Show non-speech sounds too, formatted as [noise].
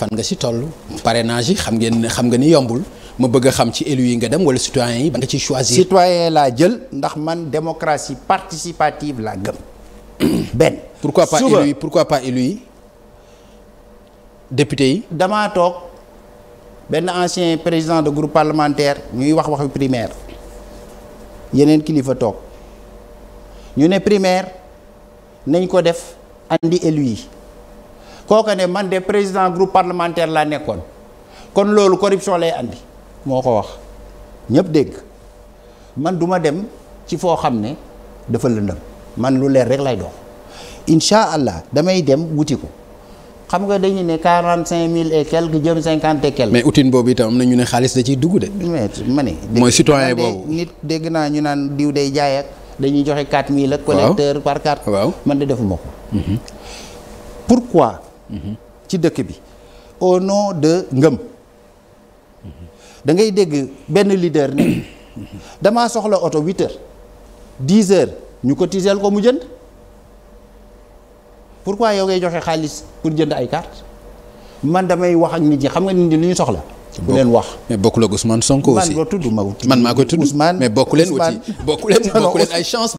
fan nga si toll parrainage yi xam ngeen xam nga ni yombul ma bëgg xam ci élu yi nga dem wala citoyen yi ba nga ciy choisir citoyen laa jël ndax man démocratie participative laa gëm [clears throat] benn pourquoi pour élu yi pourquoi pas élu yi député yi damaa toog benn ancien président de groupe parlementaire ñuy wax waxu primaire yeneen kilifa toog ñu ne primaire nañ ko def andi élu yi kooka ne man de président groupe parlementaire laa nekkoon kon loolu corruption lay andi moo ko wax ñëpp dégg man duma dem ci foo xam ne dafa lëndëm man lu leer rek lay dox incha allah damay dem wuti ko xam nga dañu ne quarante cinq mille et quelques jëm cinquante et quelques. mais outil boobu itam am na ñu ne xaalis da ciy dugg de. ma ne. mooy citoyen boobu nit dégg naa ñu naan diw day jaayaat ak dañuy joxe quatre mille ak. collecteur par carte. waaw man de defuma ko. Mhm. pourquoi. ci dëkk bi au non de ngëm da ngay dégg benn leader ne damaa soxla oto huit heures ñu ko cotiseel ko mu jënd pourquoi yoo ngay joxe xaalis pour jënd ay carte man damay wax ak nit ñi xam nga nit ñi lu ñu soxla. bu leen wax mais bokku la Ousmane Sonko aussi man ko tudd ma man maa ko tudd Ousmane mais bokku leen aussi bokku leen [laughs] ay chance